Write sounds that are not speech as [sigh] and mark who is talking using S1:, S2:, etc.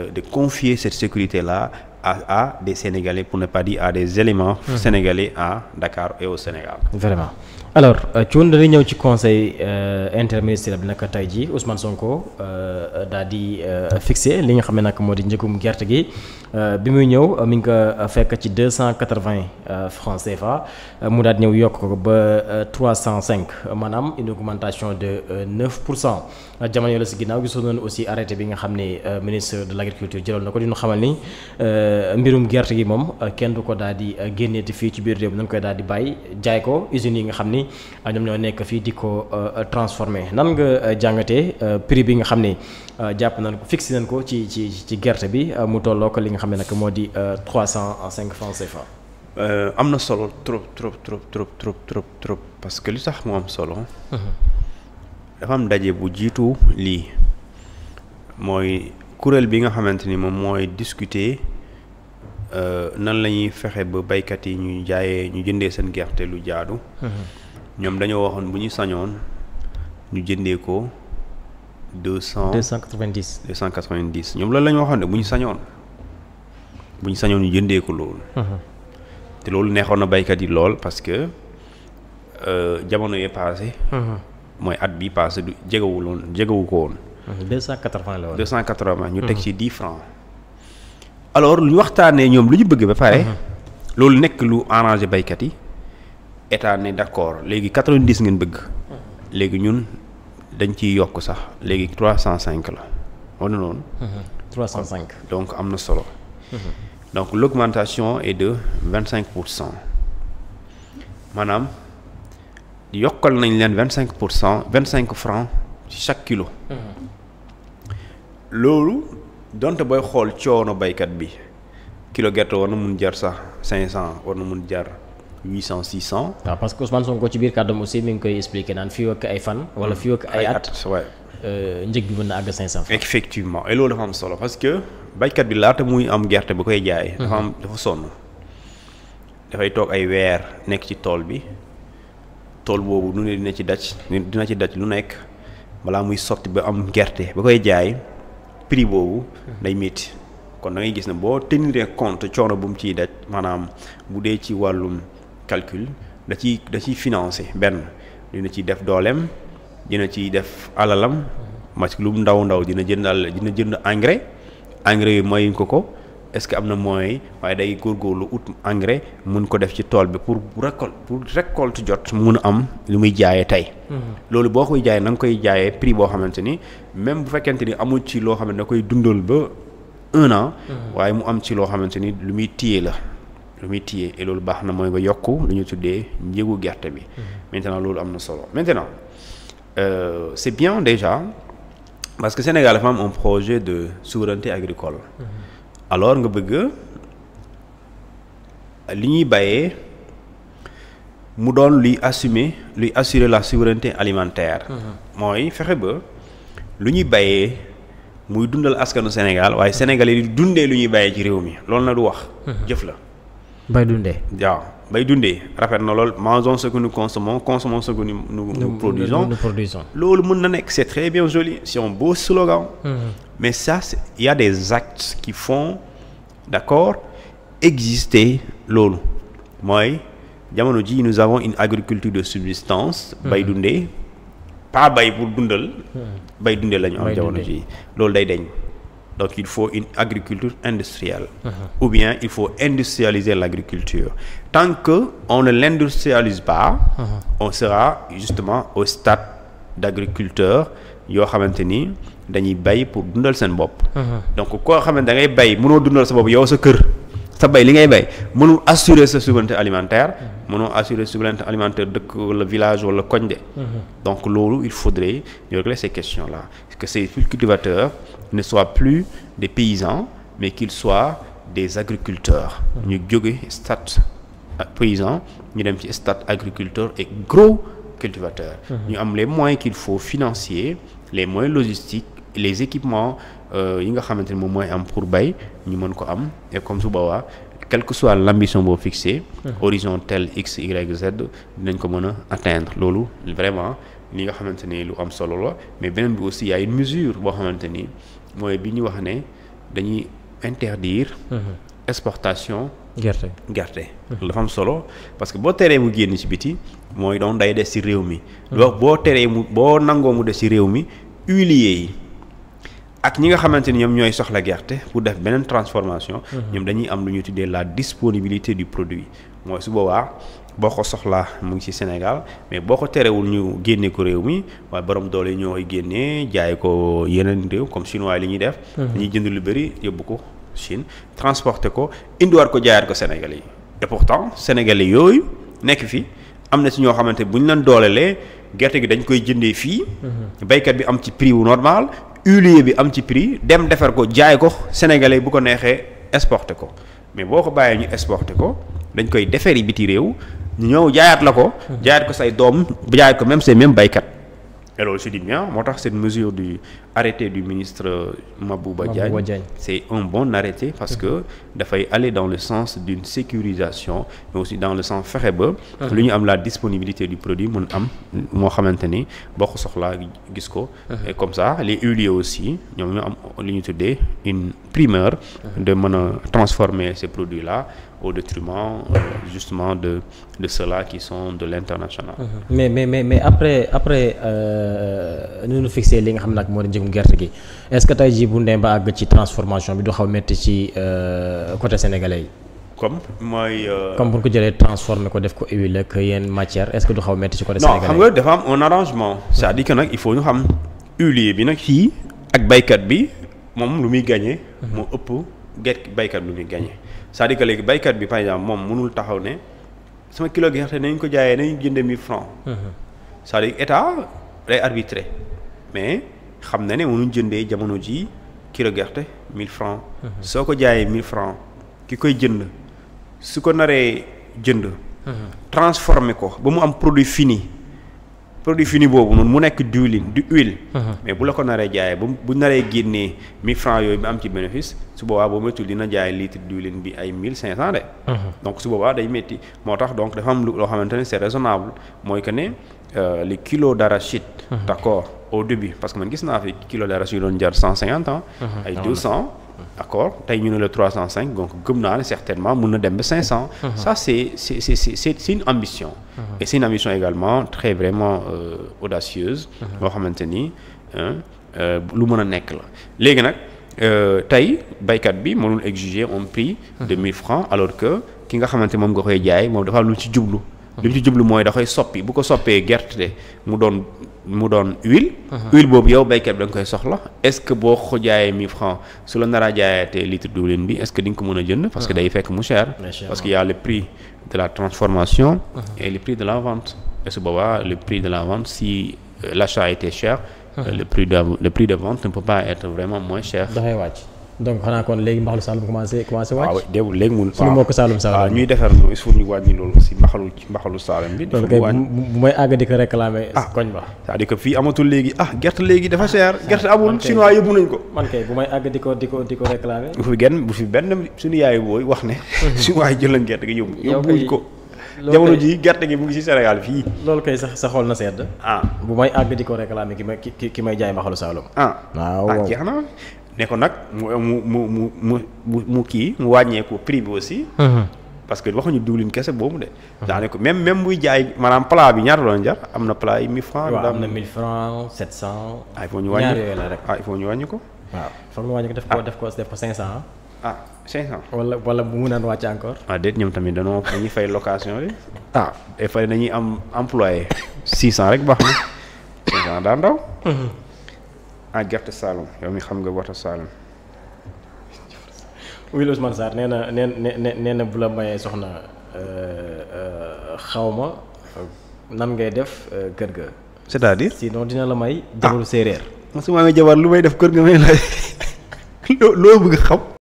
S1: Euh, de confier cette sécurité la à, à des Sénégalais, pour ne pas dire à des éléments mmh. sénégalais ndakaar Dakar Sénégal.
S2: Vraiment alors Thioune euh, dañuy ñëw ci conseil euh, interministériel bi naka tey jii Ousmane Sonko daal di fixé li nga xam ne nag moo di njëgum gerte gi. Euh, bi muy ñëw mi ngi ko euh, fekk ci deux cent quatre vingt euh, francs CFA mu daal ñëw yokk ko ba trois cent cinq maanaam une augmentation de neuf pour cent jamono yooyu la si ginnaaw gisoon nañu aussi arrêté bi nga xam ne ministre de l' agriculture jëloon na ko di ñu xamal ni mbirum gerte gi moom kenn du ko daal di te fii ci biir réew bi nañu koy daal di bàyyi jaay ko usines yi nga xam ni ñoom ñoo nekk fii di ko transformé nan nga jàngatee prix bi nga xam ni jàpp nañ ko fixé nañ ko ci ci ci gerte bi xam ne moo di euh, trois cent cinq francs CFA.
S1: Euh, am na solo trop trop trop trop trop trop trop parce que li sax mu am solo. Uh-huh. dafa am daje bu jiitu lii mooy kuréel bi nga xamante ni moom mooy discuter euh, nan lañuy fexe ba baykat yi ñuy jaayee ñu jëndee seen gerte lu jaadu. Uh-huh. ñoom dañoo waxoon bu ñu sañoon ñu jëndee ko deux cent. deux cent quatre-vingt-dix. ñoom loolu la ñu waxoon ne bu ñu sañoon. bu ñu sañoo ñu jëndee ko loolu. Mhm. te loolu neexoon na baykat yi lool parce que euh, jamono yee passé mhm. mooy at bi passé du jegewul woon jegewu ko woon.
S2: 280 mhm. la woon
S1: 280 ñu teg ci 10 francs alors lu ñu waxtaanee ñoom lu ñu bëgg ba pare. loolu nekk lu arrangé baykat yi état ne d'accord léegi 90 ngeen bëgg. léegi ñun dañ ciy yokk sax léegi 305 la wala noonu.
S2: 305
S1: donc am na solo. donc l'augmentation et de vingt cinq pour cent maanaam yokkal nañ leen vingt cinq pour cent vingt cinq francs ci chaque kilo. Mm-hmm. loolu donte booy xool coono baykat bi kilo gerte war na mun jar sax cinq cent war na mun jar.
S2: 800 600. waaw parce que Ousmane Sonko ci biir kàddoom aussi mi ngi koy expliqué naan fii ak ay fan. wala fii ak ay at. Euh, njëg bi mën na àgg 500 francs effectivement et loolu dafa am solo parce que
S1: baykat bi laata muy am gerte bu koy jaay. dafa am dafa sonn dafay toog ay weer nekk ci tool bi tool boobu nu ne dina ci daj dina ci daj lu nekk balaa muy sotti ba am gerte ba koy jaay prix boobu day métti kon da gis ne boo tenir compte coono bu mu ciy daj maanaam bu dee ci wàllum calcul da ciy da ciy financé benn dina ciy def dooleem. dina ci def alalam parce que lu ndaw ndaw dina jënd àll dina jënd engrais engrais yi mayuñ ko ko est-ce que am na moyen waaye day góorgóorlu ut engrais mun ko def ci tool bi pour récolte pour récolte jot mun a am lu muy jaayee tey. Mm-hmm. loolu boo koy jaayee na nga koy jaayee prix boo xamante ni même bu fekkente ni amul ci loo xam ne da koy dundal ba un an. Mm-hmm. waaye mu am ci loo xamante ni lu muy téye la. lu muy téye et loolu baax na mooy nga yokk lu ñu tuddee njëgu gerte bi. Mm-hmm. maintenant loolu am na solo maintenant. euh, c'est bien déjà parce que Sénégal dafa am un projet de souveraineté agricole. Mmh. alors nga bëgg li ñuy bàyyee mu doon luy assumer luy assurer la souveraineté alimentaire. Mhm. mooy fexe ba lu ñuy bàyyee muy dundal askanu Sénégal waaye Sénégal yi dundee lu ñuy bàyyee ci réew mi loolu na du wax. Mhm. jëf la. bay dundee waaw bay dundee rafet na lool mangeons ce que nous consommons consommons ce que nous nous, nous, nous loolu mën na nekk c'est très bien joli c'est un beau slogan mm-hmm. mais ça c'est il y a des actes qui font d'accord exister loolu mooy jamono ji nous avons une agriculture de subsistance mm-hmm. bay dundee pas bay pour dundal mm-hmm. bay dundee la ñu am jamono ji loolu day deñ donc il faut une agriculture industrielle uh ou bien il faut industrialiser l'agriculture tant que on ne l'industrialise pas uh -huh. on sera justement au stade d'agriculteur yoo xamante ni dañuy bay pour dundal seen bopp donc koo xamante da ngay bay mënoo dundal sa bopp yow sa kër sa bay li ngay bay mënul assurer sa souveraineté alimentaire mënoo assurer souveraineté alimentaire dëkk wala village wala koñ de mhm. donc loolu il faudrait ñu régler ces questions la que ces cultivateurs ne soient plus des paysans mais qu'ils soit des agriculteurs mhm. ñu jóge statut paysan ñu dem ci statut agriculteurs et gros cultivateur mhm. ñu am les moyens qu'il faut financier les moyens logistiques les équipements Euh, yi nga xamante ne moom mooy am pour bay ñu mën ko am et comme su boobaa quelle que soit l'ambition boo fixée mhm. horizon tel x y z dinañ ko mën a atteindre loolu vraiment li nga xamante ni lu am solo la mais beneen bi aussi y a une mesure boo xamante ni mooy bi ñu wax ne dañuy interdire mhm. exportation gerte gerte mhm. dafa am solo parce que boo teree mu génn ci biti mooy doon day des ci réew mi donc boo teree mu boo nangoo mu des ci réew mi huiliers yi ak ñi nga xamante ni ñoom ñooy soxla gerte pour def beneen transformation. Mhm. ñoom dañuy am lu ñuy tuddee la disponibilité du produit mooy su boobaa boo ko soxlaa mu ngi ci Sénégal mais boo ko terewul ñu génnee ko réew mi waaye borom doole ñoo koy génnee jaay ko yeneen réew comme chinois li ñuy def. Mhm. dañuy jënd lu bari yóbbu ko Chine transporter ko indiwaat ko jaayaat ko Sénégalais yi et pourtant Sénégalais yooyu nekk fi am na si ñoo xamante bu ñu leen doolelee gerte gi dañ koy jëndee fii. Mhm. baykat bi am ci prix wu normal huilier bi am ci prix dem defar ko jaay ko sénégalais bu ko neexee exporté ko mais boo ko bàyyee ñu exporté ko dañ koy yi biti réew ñëw jaayaat la ko. Hmm. jaayaat ko say doom jaayaat ko même say même baykat. et loolu je dis bien moo tax cette mesure du arrêté du ministre Mabouba Diagne c'est un bon arrêté parce que dafay aller dans le sens d'une sécurisation mais aussi dans le sens fexe ba ah. lu ñu am la disponibilité du produit mun am moo xamante ni boo ko soxlaa gis ko ah. comme ça les huiliers aussi ñoom ñu am lu ñu tuddee une primeur ah. de mën a transformer ces produits la au détriment euh, justement de de ceux-là qui sont de l'international
S2: mais mais mais après après euh, Euh, nu ñu fixé nga xam nag moo di njëgum gerte gi est-ce que tey jii bu ndem àgg ci transformation bi du xaw metti ci euh, côté sénégalais yi. comme
S1: mooy. Euh,
S2: comme bu ñu ko jëlee transformé ko def ko huile ak yenn matière est-ce que du xaw metti ci côté. sénégalais non xam
S1: nga dafa am un arrangement. cest à nag il faut ñu xam huilier bi nag fii ak baykat bi moom lu muy gagné. Mhm. moo ëpp gerte baykat bi lu muy gagné c'est-à-dire léegi baykat bi par exemple moom mënul taxaw ne sama kilo gerte nañ ko jaayee nañ jëndee 1000 francs mhm. day arbitré mais xam na ne mënuñ jëndee jamono ji kilo gerte 1000 francs mhm. soo ko jaayee mille francs ki koy jënd su ko naree jënd mhm. transformé ko ba mu am produit fini produit fini boobu noonu mu nekk diwlin du huile mhm. mais bu la ko naree jaayee ba bu naree génnee 1000 francs yooyu bi am ci bénéfice su boobaa boo méttul dina jaay litre diwlin bi ay 1500 de donc su boobaa day métti moo tax donc dafa am loo xamante ne c'est raisonnable mooy que euh, les kilos d'arachide mm -hmm. d'accord au début parce que man gis naa fi kilo d'arachide doon jar cent cinquante ans
S2: mhm. ay deux
S1: cent mhm. d'accord tey ñu ne la trois cent cinq donc gëm naa ne certainement mun na dem ba cinq cent mhm. ça c'est c'est c'est c'est c'est une ambition mm très vraiment euh, audacieuse boo xamante ni euh, lu mën a nekk la léegi nag euh, tey baykat bi mënul exiger un prix de mille francs alors que ki nga xamante moom nga koy jaay moom dafa lu ci jublu li mu jublu mooy da soppi bu ko soppee gerte mu doon mu doon huile. Uh-huh. huile boobu yow béykat bi da nga koy soxla est-ce que boo ko jaayee mille francs su la nar a jaayatee litre diwlin bi est-ce que di nga ko mën a jënd. parce que uh-huh. day fekk mu cher. parce que y le prix de la transformation. Uh-huh. et le prix de la vente. et su le prix de la vente si euh, l'achat était cher. le prix de le prix de vente ne peut pas être vraiment moins cher.
S2: dafay wàcc. donc xanaa kon léegi mbaxalu Saloum commencé commencé wàcc. waaw
S1: déwén léegi mun suñu mbokk Saloum Saloum waaw ñuy defar loolu il faut ñu wàññi loolu aussi mbaxalu bi. dafa bu
S2: bu may àgg di ko réclamer. Ah, koñ
S1: ba cest fii amatul léegi ah gerte léegi dafa cher ah,
S2: gerte amul chinois yóbbu nañ ko. man bu may àgg di ko di ko di ko réclamer. bu fi
S1: bu fi benn suñu yaay booy wax ne. chinois [laughs] yi jël nañ gerte gi yóbbu. yóbbuñ ko.
S2: jamono ji gerte gi mu ngi ci Sénégal fii. loolu kay sax sa xol na sedd. ah bu may àgg di ko réclamer ki may ki may jaay mbaxalu Saloum. Ah. ah waaw jeex ne ko nag mu mu mu
S1: mu mu mu kii mu wàññeeku prix bi aussi. Uh-huh. parce que waxuñu diwlin kese boobu de. Uh-huh. ko même même buy jaay maanaam plat bi ñaata doon jar am na plat yi 1000 francs. waaw am na 1000
S2: francs 700. ah il faut ñu wàññi ah, ñu wàññi ko. waaw foog ñu wàññi ko def ko ah. def ko def ko 500 ah. wala wala bu mu naan wàcc encore.
S1: ah déet ñoom tamit dañoo dañuy fay location bi. ah, ah et fay nañuy am employé 600 rek baax na 500 daan daw. Uh-huh. ah gerte Saalum yow mi xam nga wata Saalum.
S2: oui Ousmane Sarr nee na nee nee na bu la mayee soxna euh, euh, xawma nan ngay def euh, kër ga. cest à si sinon dina la may. jabaru ah. séeréer. su ma amee jabar lu may def kër ga may lay [laughs] loo bëgg xam.